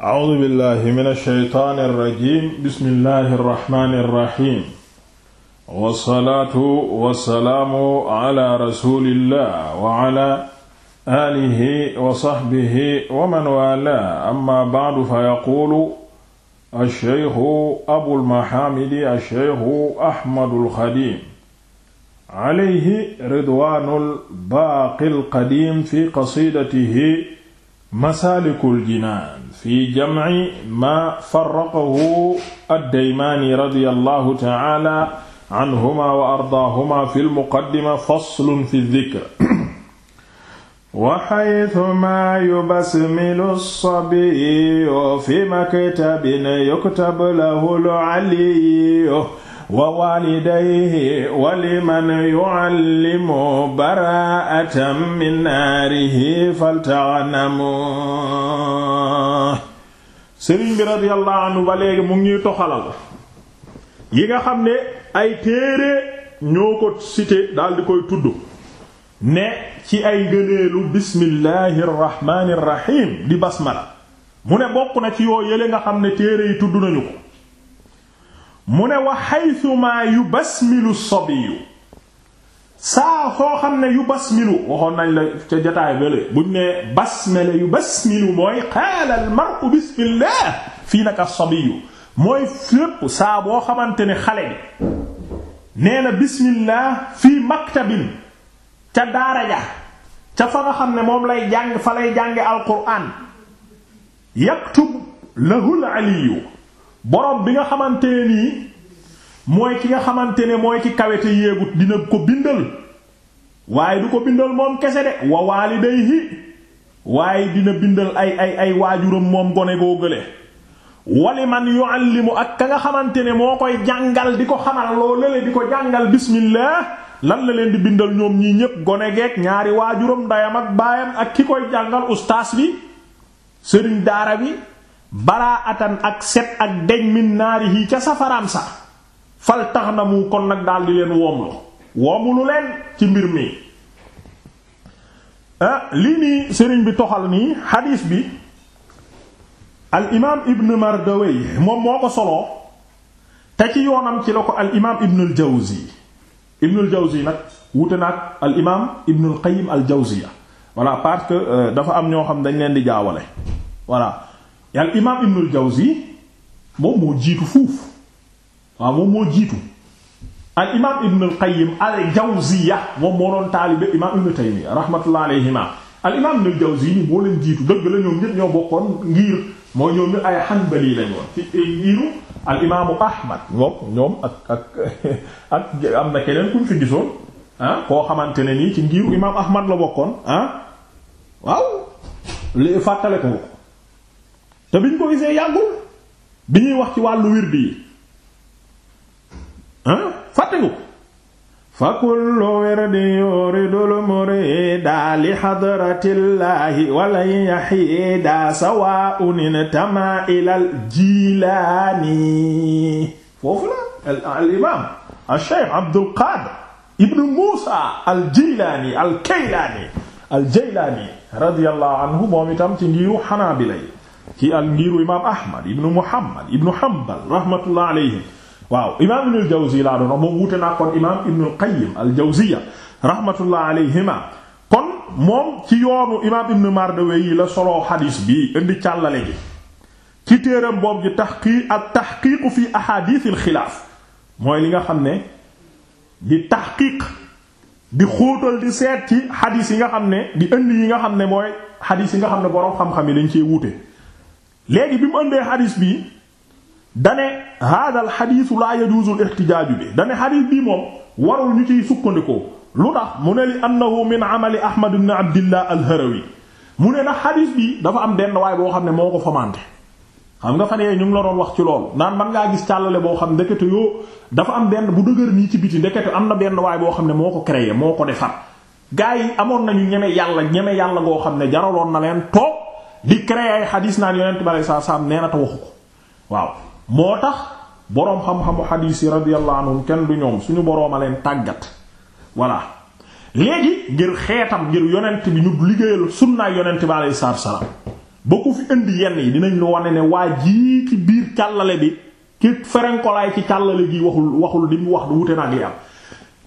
A'uuzu billaahi mina shaytaani rajiim bismillaahi rahmaani rahiim. Wassalaatu wassalaamu ala rasuulillaah wa ala aalihi wa sahbihi wa man waalaahu amma ba'du fa yaquulu ash-shaykhu abul mahaamidi ash-shaykhu Ahmadul Xadiim alayhi ridwaanul baaqil qadiim fi qasiidatihi masaalikul jinaan fi jamci maa farraqahu addaymaani radiyallahu ta'ala anhumaa wa ardaahuma fil muqaddima faslun fi dikr. wa haythumaa yubasmilu sabiyyu fi maktabin yuktab lahu al-aliyyu wa walidayhi wa liman yuallimu bara'atan min naarihi faltagnamu sëriñ bi radiyallahu ba léegi mu ngi toxalal yi nga xam ne ay téere ñoo ko cité daal koy tudd ne ci ay ngëneelu bismillahi rrahmani rrahim di basmala mu ne bokk na ci yoo yële nga xam ne téere yi tudd nañu ko mu ne wa xaytuma yu basmilu sabiyu saa soo xam ne yu basmilu waxoon nañ la ca jotaay bële buñ ne basmele yu basmilu mooy qaala al mar'u bismillah fii nag as-sabiyu mooy fépp saa boo xamante ne xale bi nee na bismillah fii maktabin ca daara ja ca fa xam ne moom lay jàng fa lay jànge alquran yaktub lahu al aliyu borom bi nga xamante nii mooy ki nga xamante ne mooy ci kawete yéegut dina ko bindal waaye du ko bindal moom kese de wa waalidayhi waaye dina bindal ay ay ay waajuram moom gone goo gële wali man yuallimu ak ka nga xamante ne moo koy jàngal di ko xamal loo lële di ko jàngal bismillah lan la leen di bindal ñoom ñii ñépp gone geek ñaari waajuram ndayam ak baayam ak ki koy jàngal ustaas bi sëriñ daara bi baraa atan ak set ak deñ min naari hii ca safaraan sa fal tax na mu kon nag daldi leen woomlu woomulu leen ci mbir mi ah, lii nii sëriñ bi toxal nii xadiis bi al imaam ibn Mardawey moom moo ko soloo te ci yoonam ci la ko al imaam ibn al Jawzi ibn nag wuute na ak al imaam ibn al parce que euh, dafa am ñoo xam dañ leen di jaawale voilà al imaam ibnul jawzi moom moo jiitu fuuf waaw moom moo jiitu al imaam ibnul qayyim al jawziya moom moo doon taalibe imaam ibnu taymiya rahmatullah al imaam ibnul jawzi ni moo leen jiitu dëgg la ñoom ñépp ñoo bokkoon ngir mooy ñoom ñu ay hanbali lañu woon al imaamu ahmad moom ñoom ak ak am na keneen kuñ fi gisoon ah, koo xamante ne nii ci ngiru imaam ahmad la bokkoon ah. waaw li fàttale ko te biñ ko gisee yàggul bi ñuy wax ci wàllu wird yi ah fàtte nga ko fa kullu wirdi yuridul murida li xadratillaahi walay yaxiida sawaa'un intamaa ilal jilaani foofu la al imaam al sheikh abdul qaadir ibnu muusa al jilaani al kaylaani al jilaani radiyallahu anhu moom itam ci ngiyu xanaabila yi ci al ngiru imaam ahmad ibnu muhammad ibnu hanbal rahmatullah alayhim waaw imaam ibnu al-jawzi laa doon wax moom wuute naa kon imaam ibnu al-qayyim al-jawziya rahmatullah alayhima kon moom ci yoonu imaam ibnu mardaweyi la soloo xadiis bi indi càllale gi ci téeram boobu ji taxqiiq ak taxqiiqu fi ahadith al-xilaaf mooy li nga xam ne di taxqiiq di xóotal di seet ci xadiis yi nga xam ne di indi yi nga xam ne mooy xadiis yi nga xam ne boroom xam-xam yi dañ cee wuute léegi bi mu ëndee xadis bi dane hada al xadisu laa yajuuzu al ixtijaaju bi dane xadis bii moom warul ñu ciy sukkandikoo lu tax mu ne li annahu min amali ahmad ibn abdillah alharawi mu ne na xadis bi dafa am benn waaye boo xam ne moo ko famante xam nga fan yee ñu ngi la doon wax ci lool naan man ngaa gis càllale boo xam ndekete yoo dafa am benn bu dëgër nii ci biti ndekete am na benn waay boo xam ne moo ko créé moo ko defar gars yi amoon nañu ñeme yàlla ñeme yàlla goo xam ne jaraloon na leen toog di créer ay xadiis naan yonent bi aleyhi salaatu salaam nee waxu ko waaw moo tax boroom xam-xamu xadiis yi radiyallahu anhum kenn du ñoom suñu boroom a leen tàggat voilà léegi ngir xeetam ngir yonent bi ñu liggéeyal sunnaay yonent bi aleyhi salaatu salaam ba ku fi indi yenn yi dinañ lu wane ne waa jii ci biir càllale bi ki ferenkolaay ci càllale bi waxul waxul li mu wax du wute nag li am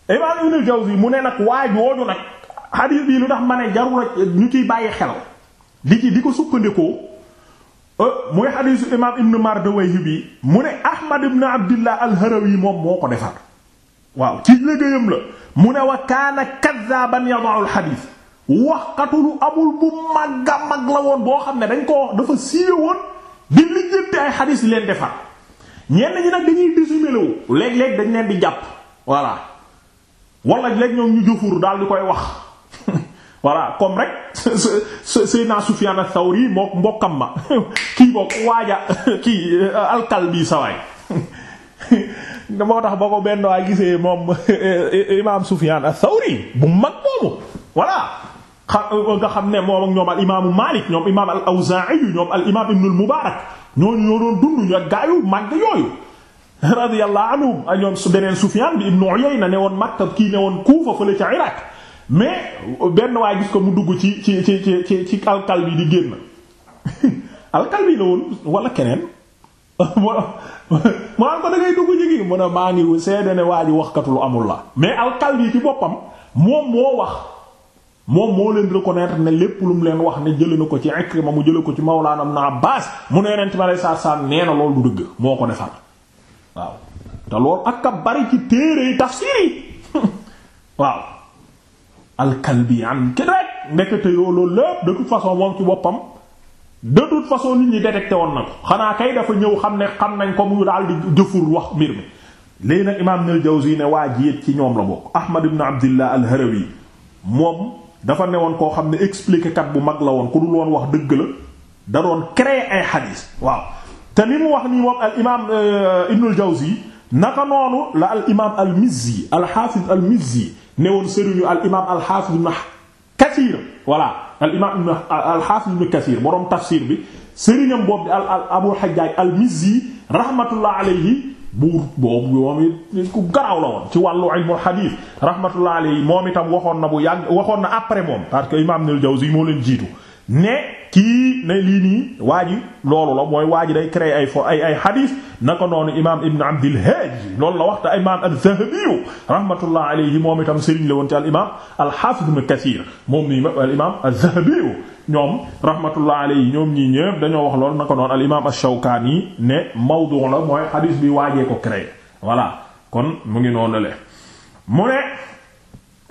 Imaam Ibn Jawzi mu ne nag waaj wooju nag xadiis bii lu tax ma ne jarul ñu ciy bàyyi xel di ci di ko sukkandikoo euh, muy xadiisu imaam ibn Mardawayhi bi mu ne Ahmad ibn Abdillah al-Harawi moom moo ko defar waaw ci liggéeyam la mu ne wa kaana kaddaaban yada'u al-xadiis waxkatu lu bu màgg a màgg la woon boo xam ne dañ ko dafa siiwe woon di lijjanti ay xadiis di leen defar ñenn ñi nag dañuy dissimulé wu léeg-léeg dañ leen di jàpp voilà wala léeg ñoom ñu jëfur daal di koy wax. voilà kom rek Seydina Sufyan ath-Thawri mook mbokkam ma kii boog waaja kii euh, al-Kalbi sawaay moo tax ba ko benn waay gisee moom euh, imaam Sufyan ath-Thawri bu mag moomu voilà euh, nga xam ne moom ak ñoom al imaamu Malik ñoom imaam al-Awza'i ñoom imaam Ibn al-Mubarak ñooñu ñoo doon dund ñu ak gaayu mag yooyu radiyallahu anhum ñoom su beneen Sufyan bi Ibn Uyayna ne woon Makka kii ne woon Kufa fële ca Irak mais benn waay gis ko mu dugg ci ci ci ci ci ci alkal di génn alkal bi la woon wala keneen mu naan ko da ngay dugg jigi mu ne maa ngi seede ne waa ji waxkat lu amul la mais alkal yi ci boppam moom moo wax moom moo leen reconnaître ne lépp lu mu leen wax ne jëlee na ko ci ma mu jëlee ko ci Mawlaana Ibn Abbaas mu ne Yonent ma lay saa saa nee na loolu du moo ko defar waaw te loolu ak bari ci téere tafsiir yi waaw. alkalbi an ki rek ndekete yoo loolu lépp de toute façon moom ci boppam de toute façon nit ñi détecté woon na ko xanaa kay dafa ñëw xam ne xam nañ ko mu daal di jëfur wax mbir mi léegi nag imaam Ibnul Jawzi ne waa ji ci ñoom la bokk Ahmad ibn Abdillah al-Harawi moom dafa newoon koo xam ne expliqué bu mag la woon ku dul wax dëgg la da doon ay xadiis waaw te li mu wax nii moom al imaam euh, Ibnul naka noonu la al imaam al Mizzi al al Mizzi ne woon al imaam al xaafis ibn Kasiir voilà al imaam al xaafis ibn Kasiir borom tafsir bi sëriñam boobu di al al Abul Hajjaaj al Mizzi rahmatullah alayhi bu boobu moom it ku garaaw la woon ci wàllu ilmul xadiis rahmatullah alayhi moom itam waxoon na bu waxoon na après moom parce que imaam Ibnul Jawzi moo leen jiitu. ne kii ne lii nii waa ji loolu la mooy waa ji day créer ay fo ay ay xadiis na ko noonu imaam Ibn Abdil Haaji loolu la waxta imaam Az-Zahabi rahmatullah alayhi moom itam sëriñ la woon ci al imaam al-Haafiz Ibn Kasiir moom nii al imaam Az-Zahabi ñoom rahmatullah alayhi ñoom ñii ñëpp dañoo wax lool na ko noonu al imaam Ash-Shawkaani ne mawdu la mooy xadiis bi waajee ko créer voilà kon mu ngi noonu le mu ne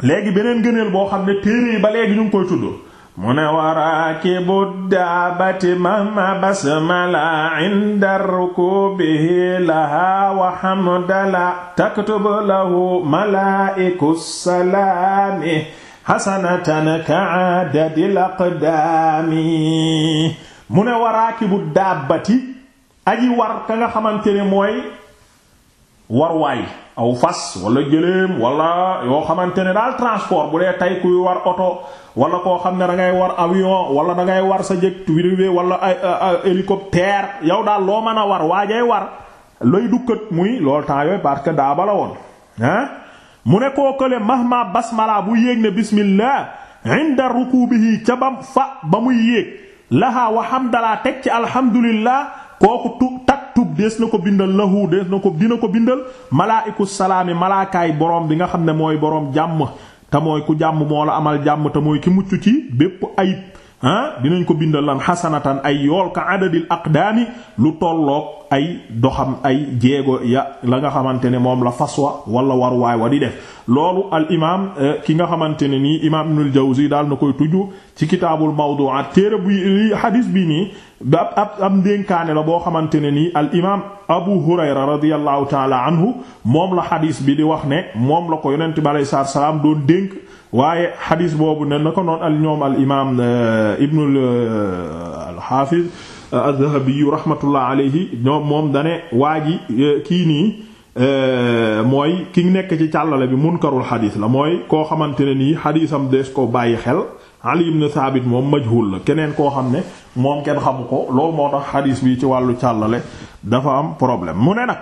léegi beneen gëneel boo xam ne téere yi ba léegi ñu ngi koy tudd. mu ne waraakibu daabati mahma basmala inda rukubihi laha wa hamdala taktubu lahu malaa'iku salaami hasanatan ka'adadil aqdaami mu ne waraakibu daabati aji war ka nga xamante ne mooy warwaay aw fas wala gëléem wala yoo xamante ne daal transport bu dee tey kuy war oto wala koo xam ne dangay ngay war avion wala da ngay war sa jet privé wala hélicoptère yow daal loo mën a war waajay war lay dukkat muy loolu temps yooyu parce que daa bala woon ah mu ne koo kële mahma basmala bu yéeg ne bismillah inda rukubihi ca bam fa ba muy yéeg laha wa hamdala teg ci alhamdulillah kooku tu yaktub dees na ko bindal lahu dees na ko dina ko bindal malaa'iku salaami malaakaay borom bi nga xam ne mooy borom jàmm te mooy ku jàmm moo la amal jàmm te mooy ki mucc ci bépp ayib ah dinañ ko bindal lan xasanatan ay yool ka adadil aqdaami lu tolloog ay doxam ay jéego ya la nga xamante ne moom la faswa wala warwaay wa di def loolu al imaam eh, ki nga xamante ne nii imaam Ibnul Jawzi daal na koy tuju ci kitaabul mawdu'aat téere bu li xadis bi nii ba ab ab ndénkaane la boo xamante ne nii al imaam Abu Hurayra radiyallahu taala anhu moom la xadis bi di wax ne moom la ko yonent bi alayhi salaam doon dénk. waaye xadis boobu ne na ko noon al ñoom al imaam euh, ibnul euh, al xaafiz euh, az-Zahabi rahmatullah alayhi ñoom moom dane waa ji kii nii mooy ki nekk ci càllale bi munkarul xadis la mooy koo xamante ne nii xadisam des ko bàyyi xel Ali ibn Thabit moom majhul la keneen koo xam ne moom kenn xamu ko loolu moo tax xadis bi ci wàllu càllale dafa am problème mu ne nag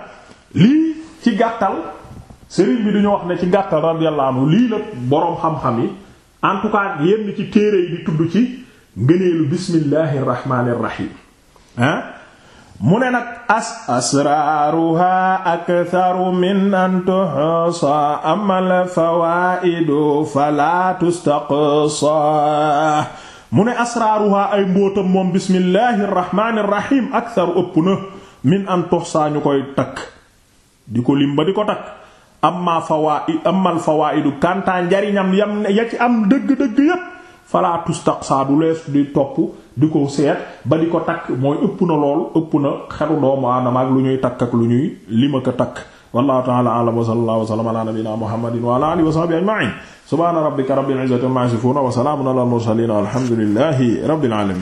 lii ci gàttal sëriñ bi duñu wax ne ci gàttal radiyallahu anhu lii la boroom xam-xam yi en tout cas yenn ci téere yi di tudd ci ngëneelu bismillahi irrahmani irrahim ah mu ne nag as asraaruha aktharu min an tuhsa mu ne asraaruha ay mbóotam moom bismillahi irrahmani irrahim ëpp na min an tuhsa ñu koy takk di ko lim ba di ko takk amma fawaid amal fawaidu kantaa njariñam yam ya ci am dëgg-dëgg yépp fala tustaqsa du lees di topp di ko seet ba di ko takk mooy ëpp na lool ëpp na xelu doomu aadama ak lu ñuy takk ak lu ñuy lima ko takk wallahu ta'ala a'lam wa sallallahu wa sallama ala nabiyyina muhammadin wa ala alihi wa